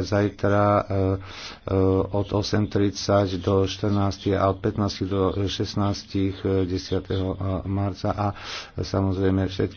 zajtra e, e, od 8.30 do 14 a od 15 do 16 10. E, marca a samozrejme všetky